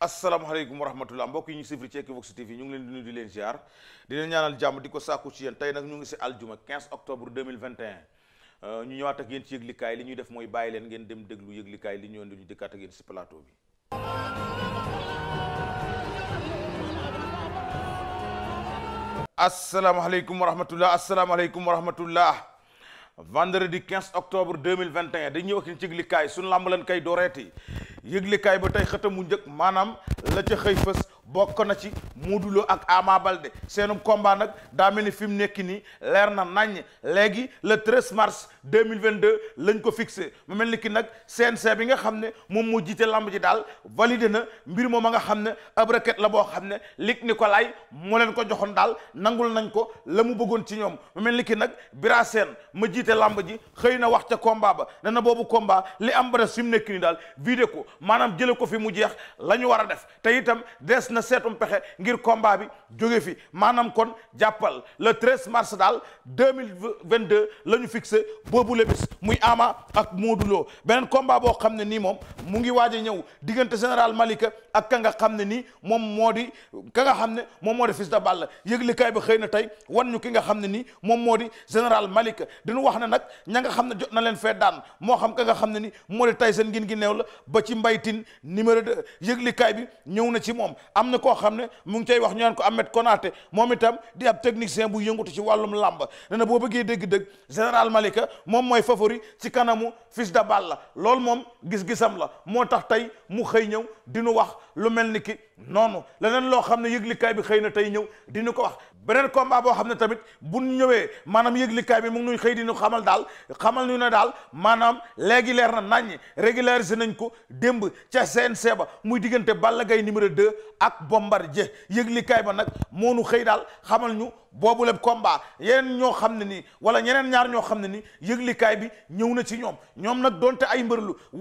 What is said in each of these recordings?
asalaamaaleykum wa rahmatullah mbokk yi ñu suivre ci Equivox TV ñu ngi leen di nuyu di leen ziar di ñaanal jàmm di ko sàkku ci yéen tey nag ñu ngi si aljuma 15 octobre 2021 Euh, ñu ñëwaat ak yéen ci yëglikaay li ñuy def mooy bàyyi leen ngeen dem déglu yëglikaay li ñu indi ñu dikkaat ak yéen ci plateau bi. asalaamaaleykum wa rahmatulah asalaamaaleykum wa rahmatulah vendredi 15 octobre 2021 dañuy wax ci yëglikaay sunu lamb leen kay dooreeti yëglikaay ba tey xëtamu njëkk maanaam la ca xëy fës. bokk na ci Modou duloo ak Ama Baldé seenum combat nag daa mel ni fi mu nekk nii leer na nañ léegi le 13 mars 2022 lañ ko fixé mu mel ni ki nag CNC bi nga xam ne moom moo jiite lamb ji daal validé na mbir moom a nga xam ne ab requête la boo xam ne Luc Nicolaï moo leen ko joxoon daal nangul nañ ko la mu bëggoon ci ñoom mu mel ni ki nag Bira Sène ma jiite làmb ji xëy na wax ca combat ba ne na boobu combat li am ba des fi mu nekk nii daal vidé ko maanaam jële ko fi mu jeex la ñu war a def na seetum pexe ngir combat bi jóge fi maanaam kon jàppal le 13 mars daal 2022 la ñu fixé boobu le muy Ama ak mooduloo beneen combat boo xam ne nii moom mu ngi waaj a ñëw diggante général Malika ak ka nga xam ne nii moom moo di ka nga xam ne moom moo di Fils de Balla yëglikaay xëy na tey wan ñu ki nga xam ne nii moom moo di général Malika diñu wax ne nag ña nga xam ne jot na leen fee daan moo xam ka nga xam ne ni moo di tey seen ngin gi neew la ba ci mbaytin numéro de yëglikaay bi ñëw na ci moom am na koo xam ne mu ngi tey wax ñu naan ko Ahmed Konaté moom itam di ab technicien bu yëngutu ci wàllum làmb ne na boo bëggee dégg-dëgg général Malika moom mooy favori ci kanamu Fils de la lool moom gis-gisam la moo tax tey mu xëy ñëw di nu wax lu mel ni noonu leneen loo xam ne yëglikaay bi xëy na tey ñëw di ñu ko wax beneen combat boo xam ne tamit bu ñëwee maanaam yëglikaay bi mu ngi nuy xëy di ñu xamal daal xamal ñu ne daal maanaam léegi leer na naññ régularisé nañ ko démb ca seen ba muy diggante Balla gay numéro 2 ak Bombardier yëglikaay ba nag moo nu xëy daal xamal ñu boobu lépp combat yeneen ñoo xam ne nii wala ñeneen ñaar ñoo xam ne nii yëglikaay bi ñëw na ci ñoom ñoom nag donte ay mbër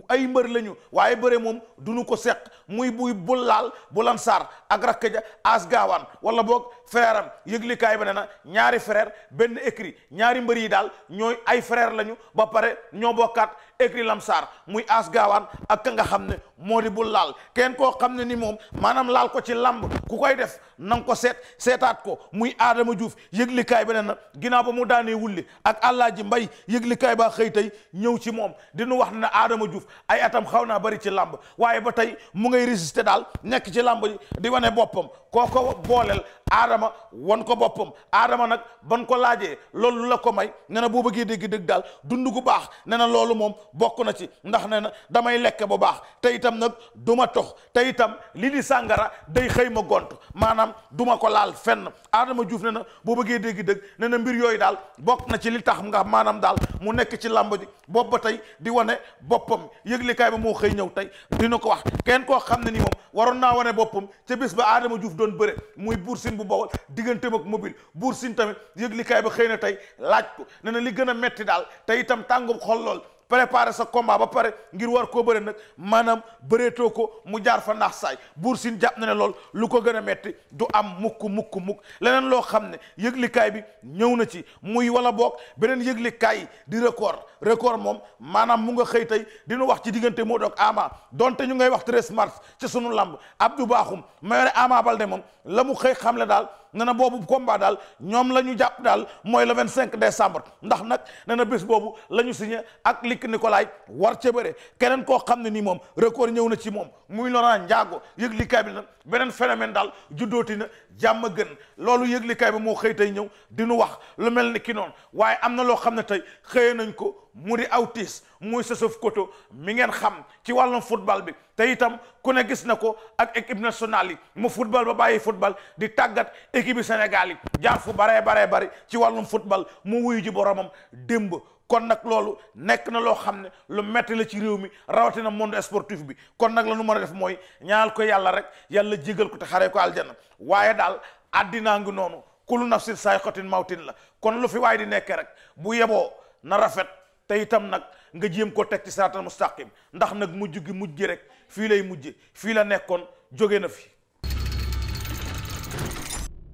ay mbër lañu waaye bëre moom du ko seq muy buy bu laal Lansar ak rakk ja As Gaawaan wala boog frère am yëglikaay ba ne na ñaari frère benn écrit ñaari mbër yi daal ñooy ay frère lañu ba pare ñoo bokkaat écrit lamsaar muy as gaawaan ak ka nga xam ne moo di bul laal kenn koo xam ne ni moom maanaam laal ko ci lamb ku koy def nang ko seet seetaat ko muy aadama Diouf yëglikaay ba na ginnaaw ba mu daanee wulli ak Alaaji Mbay yëglikaay baa xëy tey ñëw ci moom dinu wax ne aadama juuf ay atam xaw naa bari ci lamb waaye ba tey mu ngay résister daal nekk ci lamb di wane boppam kooko booleel aadama wan ko boppam aadama nag ban ko laajee loolu la ko may ne boo bëggee dégg dëgg daal dund gu baax ne na loolu moom bokk na ci ndax ne na damay lekk bu baax tey itam nag du ma tox te itam li di sàngara day xëy ma gont maanaam du ma ko laal fenn aadama juuf ne na boo bëggee dégg dëgg ne na mbir yooyu daal bokk na ci li tax nga maanaam daal mu nekk ci làmb ji bopp ba tey di wane boppam yëglikaay ba moo xëy ñëw tey dina ko wax kenn koo xam ne ni moom waroon naa wane boppam ca bis ba aadama juuf doon bëre muy buur sin bu bawol diggante ak mobile buur sin tamit yëg li kaay ba xëy na tey laaj ko ne na li gën a metti daal tey itam tàngoom xol lool préparer sa combat ba pare ngir war koo bëre nag maanaam bareetoo ko mu jaar fa naax saay buur sin jàpp na ne lool lu ko gën a metti du am mukk mukk mukk leneen loo xam ne yëglikaay bi ñëw na ci muy wala boog beneen yëglikaay di record record moom maanaam mu nga xëy tey dinu wax ci diggante moo doog ama donte ñu ngay wax 13 mars ci sunu lamb Abdou Bakhoum mayore ama Balde moom la mu xëy xam xamle daal ne boobu combat daal ñoom la ñu jàpp daal mooy la vingt cinq décembre ndax nag ne na bés boobu la ñu signé ak Luc Nicolaï war ca bëre keneen koo xam ne nii moom record ñëw na ci moom muy Laurent Ndiago yëg likaay bi nag beneen phénomène daal juddooti na jàmm gën loolu yëg likaay bi moo xëy tey ñëw di nu wax lu mel ni ki noonu waaye am na loo xam ne tey xëyee nañ ko mu di awtis muy Sessuf Koto mi ngeen xam ci wàllum football bi te itam ku ne gis na ko ak équipe nationale yi mu football bàyyi football di tàggat équipe Sénégal yi jaar fu baree baree bari ci wàllum football mu wuyu ji boromam démb kon nag loolu nekk na loo xam ne lu metti la ci réew mi rawatina monde sportif bi kon nag la nu mën a def mooy ñaanal ko yàlla rek yàlla jégal ko te xaree ko aljana waaye daal addinaa ngi noonu kulu nafsin saay xotin mawtin la kon lu fi waaye di nekk rek bu yeboo na rafet te itam nag nga jéem koo teg ci siraatal mustaqim ndax nag mujj gi mujj gi rek fii lay mujje fii la nekkoon jóge na fi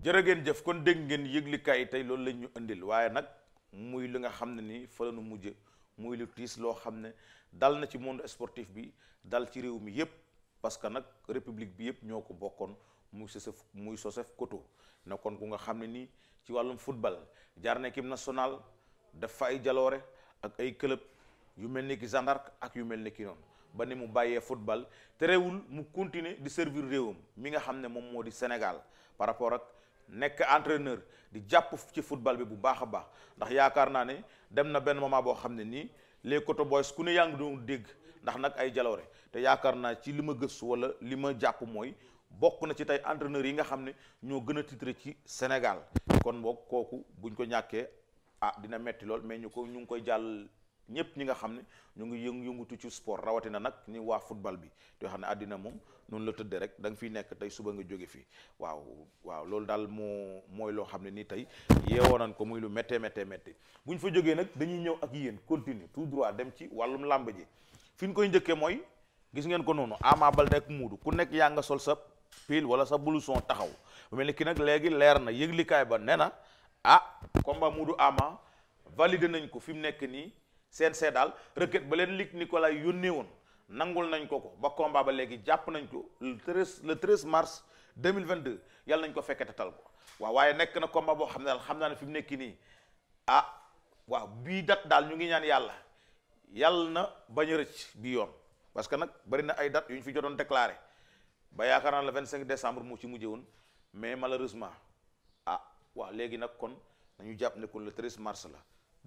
jërë ngeen jëf kon dégg ngeen yëglikaay yi tey loolu lañ ñu indil waaye nag muy li nga xam ne ni fa la mujj muy lu tiis loo xam ne dal na ci monde sportif bi dal ci réew mi yépp parce que nag république bi yépp ñoo ko bokkoon muy Joseph muy Joseph Koto kon ku nga xam ne nii ci wàllum football jaar na équipe nationale def fa ay jaloore ak ay club yu mel ni ki Jeanne ak yu mel ni ki noonu ba ni mu bàyyee football terewul mu continuer di servir réewam mi nga xam ne moom moo di Sénégal ak. nekk entraîneur di jàpp ci football bi bu baax a baax ndax yaakaar naa ne dem na benn moment boo xam ne nii les Coto Boys ku ne yaa ngi doon dégg ndax nag ay jaloore te yaakaar naa ci li ma gëstu wala li ma jàpp mooy bokk na ci tey entraîneurs yi nga xam ne ñoo gën a titré ci Sénégal kon boog kooku buñ ko ñàkkee ah dina metti lool mais ñu ko ñu ngi koy jàll ñëpp ñi nga xam ne ñu ngi yëngu yëngutu ci sport rawatina nag ni waa football bi te xam ne àddina moom noonu la tëddee rek da nga fiy nekk tey suba nga jóge fii waaw waaw loolu daal moo mooy loo xam ne nii tey yeewoo nañ ko muy lu méttee méttee méttee bu ñu fa jógee nag dañuy ñëw ak yéen continue tout droit dem ci wàllum làmb ji fi ñu koy njëkkee mooy gis ngeen ko noonu Ama Baldé ak Moodu ku nekk yaa nga sol sa pile wala sa blouson taxaw bu mel ni nag léegi leer na yëglikaay ba nee na ah combat Moodu Ama validé nañ ko fi mu nekk nii see daal requête ba leen ni ko Nicolaï yónnee woon nangul nañ ko ko ba combat ba léegi jàpp nañ ko le 13 le 13 mars 2022 yàlla nañ ko fekkete tal ko waaw waaye nekk na komba boo xam ne daal xam naa ne fi nekk nii ah waaw bii date daal ñu ngi ñaan yàlla yàlla na bañ a rëcc bii yoon parce que nag bari na ay date yu ñu fi jotoon déclaré ba yaakaar naa le cinq décembre moo ci mujjee woon mais malheureusement ah waaw léegi nag kon nañu jàpp ne le 13 mars la.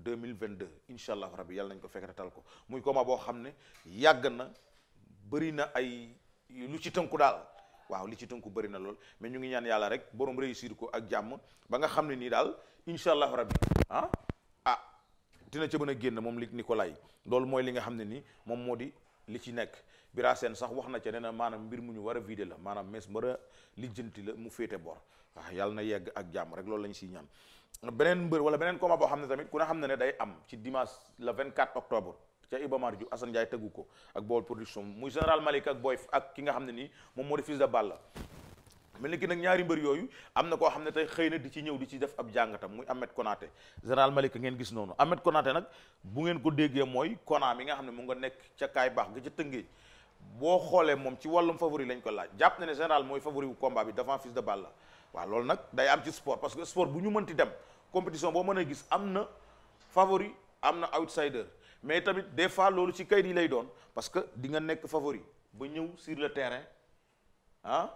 2022 incha allah rabbi yàlla nañ ko fekk tal ko muy combat boo xam ne yàgg na bëri na ay lu ci tënku daal waaw li ci tënku bëri na lool mais ñu ngi ñaan yàlla rek borom réussir ko ak jàmm ba nga xam ne nii daal incha allah rabbi ah ah dina ca mën a génn moom li Nicolas loolu mooy li nga xam ne nii moom moo di li ci nekk Bira sax wax na ca nee maanaam mbir mu ñu war a la maanaam mes mën a lijjanti la mu féete bor waaw yàlla na yegg ak jàmm rek loolu lañ siy ñaan beneen mbër wala beneen combat boo xam ne tamit ku ne xam ne ne day am ci dimanche le 24 octobre ca Iba Mar Diop Assane Ndiaye tëggu ko ak Bool production muy général Malick ak Boy ak ki nga xam ne nii moom moo di Fils de Balla mel ni ki nag ñaari mbër yooyu am na koo xam ne tey xëy na di ci ñëw di ci def ab jàngatam muy Ahmed Konaté général Malick ngeen gis noonu Ahmed Konaté nag bu ngeen ko déggee mooy Kona mi nga xam ne mu nga nekk ca kaay baax ga ca Tëngéej boo xoolee moom ci wàllum favori lañ ko laaj jàpp na ne mooy favori wu combat bi devant Fils waaw loolu nag day am ci sport parce que sport bu ñu mënti dem compétition boo mën a gis am na favori am na outsider mais tamit des fois loolu ci kayit yi lay doon parce que di nga nekk favori ba ñëw sur le terrain ah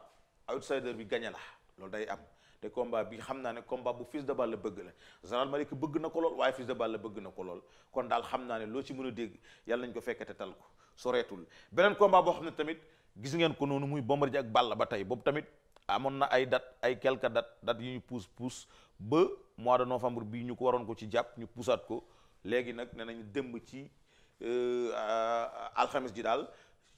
outsider bi gagné la loolu day am te combat bi xam naa ne combat bu Fils de Balla bëgg la Général Malika bëgg na ko lool waaye Fils de Balla bëgg na ko lool kon daal xam naa ne loo ci mën a dégg yàlla nañ ko fekkee te tal ko soreetul beneen combat boo xam ne tamit gis ngeen ko noonu muy Bombardier ak Balla ba tey boobu tamit amoon na ay date ay quelques dates dates yu ñu pousse pousse ba mois de novembre bii ñu ko waroon ko ci jàpp ñu pusaat ko léegi nag nee nañu démb ci euh, alxames ji daal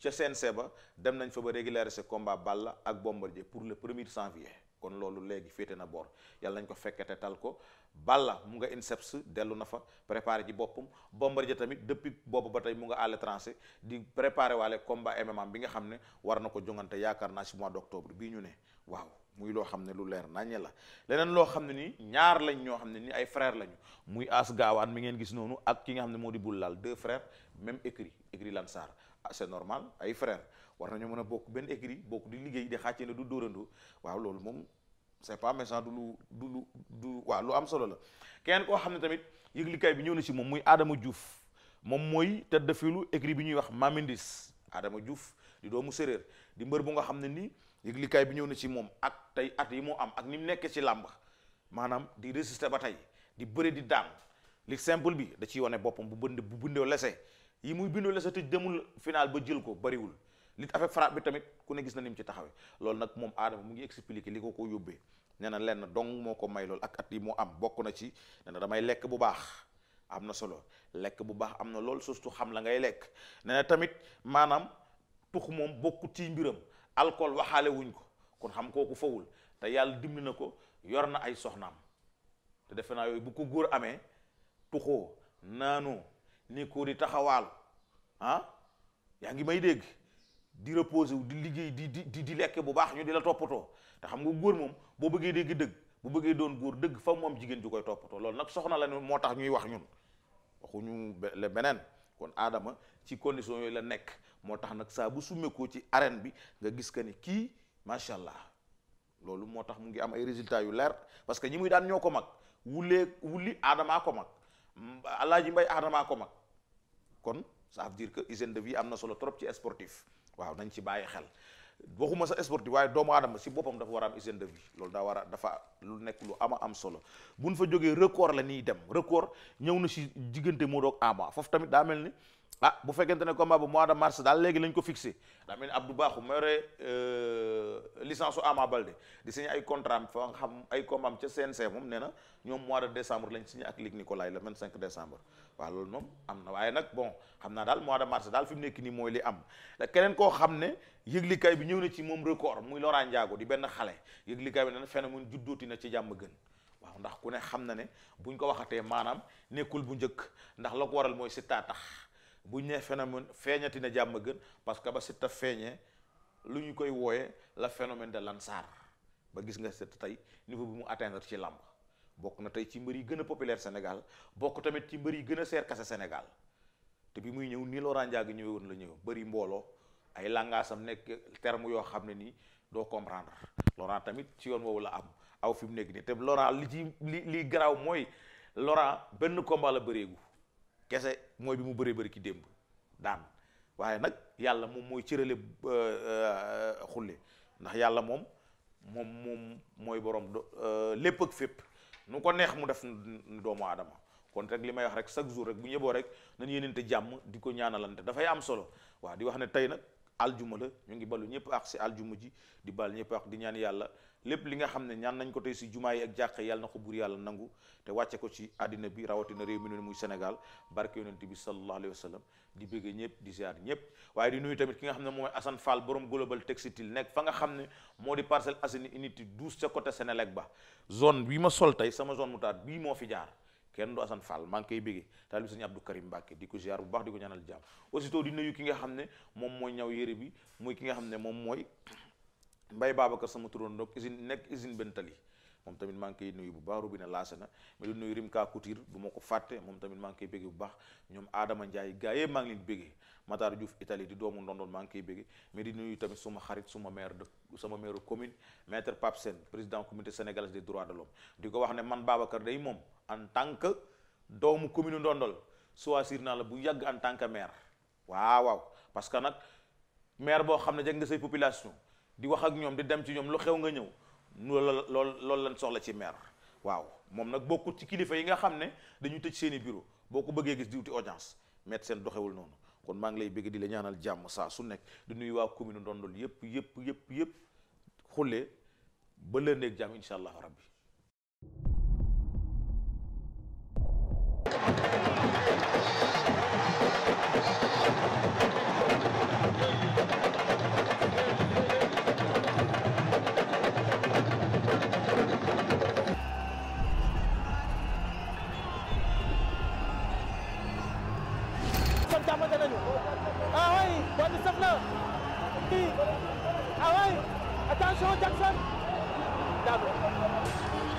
ca CNC ba dem nañu fa ba se combat Balla ak Bombardier pour le premier janvier kon loolu léegi féete na boor yàlla nañ ko fekkete tal ko Balla mu nga INSEPS dellu na fa préparé ci boppam ja tamit depuis boobu ba tey mu nga à l'étranger di préparé waale combat MMA bi nga xam ne war na ko jongante yaakaar naa si mois d'octobre bii ñu ne waaw muy loo xam ne lu leer naññe la leneen loo xam ne nii ñaar lañ ñoo xam ne nii ay frère lañu muy As Gaawaan mi ngeen gis noonu ak ki nga xam ne moo di bul laal deux frères même écrit écrit Lansar ah, c'est normal ay frères war nañoo mën a bokk benn écrit bokk di liggéey di xàccee na du dóorandoo waaw loolu moom c'est pas méchant du lu du lu du waaw lu am solo la kenn koo xam ne tamit yëglikaay bi ñëw na si moom muy Adama Diouf moom mooy tête de file bi ñuy wax Mamindis Adama Diouf di doomu séréer di mbër bu nga xam ne nii yëglikaay bi ñëw na si moom at tey at yi moo am ak ni mu nekkee si làmb maanaam di résister ba tey di bëre di daan li simple bi da ciy wane boppam bu bënd bu bindoo lese yi muy bindoo lese te demul final ba jël ko bariwul lutte avec frappe bi tamit ku ne gis na ni mu ci taxawee loolu nag moom aadama mu ngi expliqué li ko ko yóbbee nee na lenn dong moo ko may loolu ak at yi moo am bokk na ci nee na damay lekk bu baax am na solo lekk bu baax am na lool surtout xam la ngay lekk nee na tamit maanaam tux moom bokku ci mbiram alcool waxaale wuñ ko kon xam kooku fawul te yàlla dimbali na ko yor na ay soxnaam te defe naa yooyu bu ko góor amee tuxoo naanoo ni ko di taxawaal ah yaa ngi may dégg di reposer wu di liggéey di di di di lekk bu baax ñu di la toppatoo te xam nga góor moom boo bëggee dégg dëgg bu bëggee doon góor dëgg fa moom jigéen ju koy toppatoo loolu nag soxna la moo tax ñuy wax ñun ñu la beneen kon aadama ci condition yooyu la nekk moo tax nag saa bu summekoo ci arène bi nga gis que ni kii macha allah loolu moo tax mu ngi am ay résultats yu leer parce que ñi muy daan ñoo ko mag wulee wulli aadamaa ko mag alaaji mbay aadamaa ko mag kon ça veut que hygiène de vie am na solo trop ci sportif waaw nañ ci bàyyi xel waxuma sa sportif waaye doomu aadama si boppam dafa war a am hygiène de vie loolu daa war a dafa lu nekk lu ama am solo buñ fa jógee record la ñuy dem record ñëw na si diggante Modou ak Ama foofu tamit daa mel ni ah bu fekkente ne combat bu mois de mars daal léegi lañ ko fixé daa mel ni Abdou baaxu ma yore euh, licence u Ama Baldé di signé ay contrat am fa xam ay combat am ca CNC moom nee na ñoom mois de décembre lañ signé ak Ligue Nicolas la 25 décembre waaw loolu moom am na waaye nag bon xam naa daal mois de mars daal fi mu nekk nii mooy li am keneen koo xam ne yëglikaay bi ñëw na ci moom record muy Laurent Ndiago di benn xale yëglikaay bi nag phénomène juddooti na ci jàmm gën waaw ndax ku ne xam na ne buñ ko waxatee maanaam nekkul bu njëkk ndax ko waral mooy Siteu tax buñ ne phénomène feeñati na jàmm gën parce que ba Siteu feeñee lu ñu koy wooyee la phénomène de Lansar ba gis nga Siteu tey niveau bi mu atteindre ci làmb bokk na tey ci mbër yi gën a populaire Sénégal bokk tamit ci mbër yi gën a seer kase Sénégal te bi muy ñëw nii Laurent Ndiago ñëwee woon la ñëw bëri mbooloo ay langaasam nekk terme yoo xam ne nii doo comprendre Laurent tamit ci yoon woowu la am aw fi mu nekk nii te Laurent li ci li li garaaw mooy Laurent benn combat la bëreegu kese mooy bi mu bëree bëri ki démb daan waaye nag yàlla moom mooy cërale euh, euh, xulle ndax yàlla moom moom moom mooy borom do euh, lépp ak fépp. nu ko neex mu def doomu aadama kon rek li may wax rek chaque jour rek bu ñëboo rek nañ yéenente jàmm di ko ñaanalante dafay am solo waaw di wax ne tey nag aljuma la ñu ngi balu ñëpp ak si aljuma ji di bal ñëpp ak di ñaan yàlla lépp li nga xam ne ñaan nañ ko tey si jumaa yi ak jàkka yàlla na ko buur yàlla nangu te wàcce ko ci àddina bi rawatina réew mi noonu muy Sénégal barke yonent bi sallallahu alayhi wa sallam di bëgg ñëpp di ziar ñëpp waaye di nuyu tamit ki nga xam ne mooy Assane Fall borom global textile nekk fa nga xam ne moo di Parcelles Assainies unité 12 ca côté Sénélec ba zone bii ma sol tey sama zone mu taat bii moo fi jaar kenn du Assane Fall maa ngi koy béggee taalibe sëñ Abdou Karim Mbacke di ko ziar bu baax di ko ñaanal jàmm aussitôt di nuyu ki nga xam ne moom mooy ñaw yére bi muy ki nga xam ne moom mooy mbay Babacar sama turóon doog usine nekk usine Bentali moom tamit maa ngi koy nuyu bu baax Robina Laasana mais lu nuyu Rimka Couture du ma ko fàtte moom tamit maa ngi koy béggee bu baax ñoom Adama Ndiaye gars yëpp maa ngi leen béggee Matar Diouf Italie di doomu ndondoon maa ngi koy béggee mais di nuyu tamit suma xarit suma maire de sama maire commune maître Pape Sène président comité sénégalais des droits de l'homme di ko wax ne man Babacar day moom en tant que doomu commune ndondol choisir naa la bu yàgg en tant que maire waaw waaw parce que nag maire boo xam ne jeg nga say population di wax ak ñoom di dem ci ñoom lu xew nga ñëw loolu lool loolu lañ soxla ci maire waaw moom nag bokkut ci kilifa yi nga xam ne dañu tëj seeni bureau boo ko bëggee gis diwti audience maître seen doxewul noonu kon maa ngi lay bëgg di la ñaanal jàmm saa su nekk di nuyu waa commune Ndondol yëpp yëpp yëpp yëpp xullee ba lëndeeg jàmm incha allahu rabbi Ah ouais Attention Jackson Double.